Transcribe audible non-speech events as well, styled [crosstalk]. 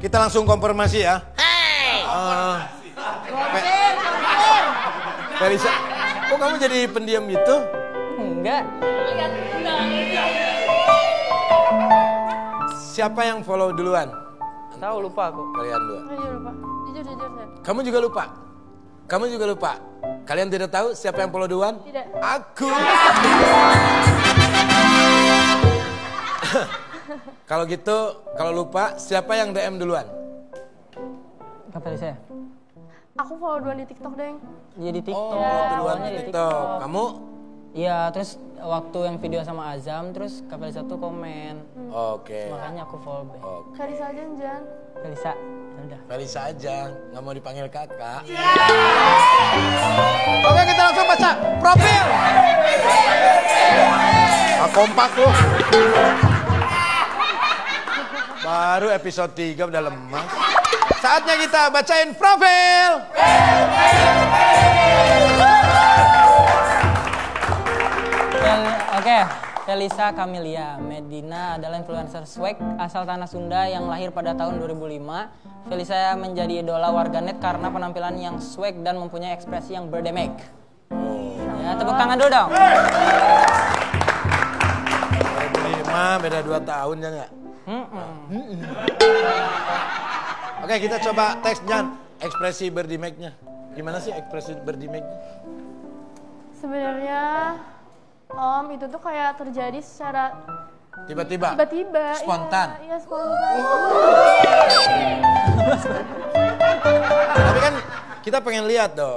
Kita langsung konfirmasi ya Hey uh, Kok kamu jadi pendiam gitu? Enggak Siapa yang follow duluan? Tahu lupa aku. Kalian dua. Ayo lupa. Jujur jujur. Kamu juga lupa. Kamu juga lupa. Kalian tidak tahu siapa yang duluan? Tidak. Aku. [laughs] kalau gitu, kalau lupa, siapa yang DM duluan? Kata tadi saya? Aku follow duluan di TikTok, Deng. Iya di TikTok. Oh, ya, duluan iya, di TikTok. di TikTok. Kamu? Iya, terus waktu yang video sama Azam, terus Kapal satu komen. Hmm. Oke. Okay. Makanya aku follow back. Okay. Kalisa aja, Jan. Kalisa, ya udah. Kalisa aja, nggak mau dipanggil kakak. Yeah! Oke, kita langsung baca profil. Nah, kompak loh. Baru episode 3 udah lemas. Saatnya kita bacain profil. Felisa Camelia Medina adalah influencer swag asal tanah Sunda yang lahir pada tahun 2005. Felisa menjadi idola warganet karena penampilan yang swag dan mempunyai ekspresi yang berdemek. Oh. Ya, tepuk tangan dulu dong. 2005 beda 2 tahun ya enggak? Oke, kita coba teks Jan ekspresi berdimeknya. Gimana sih ekspresi berdimeknya? Sebenarnya om itu tuh kayak terjadi secara tiba-tiba tiba-tiba iya, spontan iya, iya spontan tapi kan kita pengen lihat dong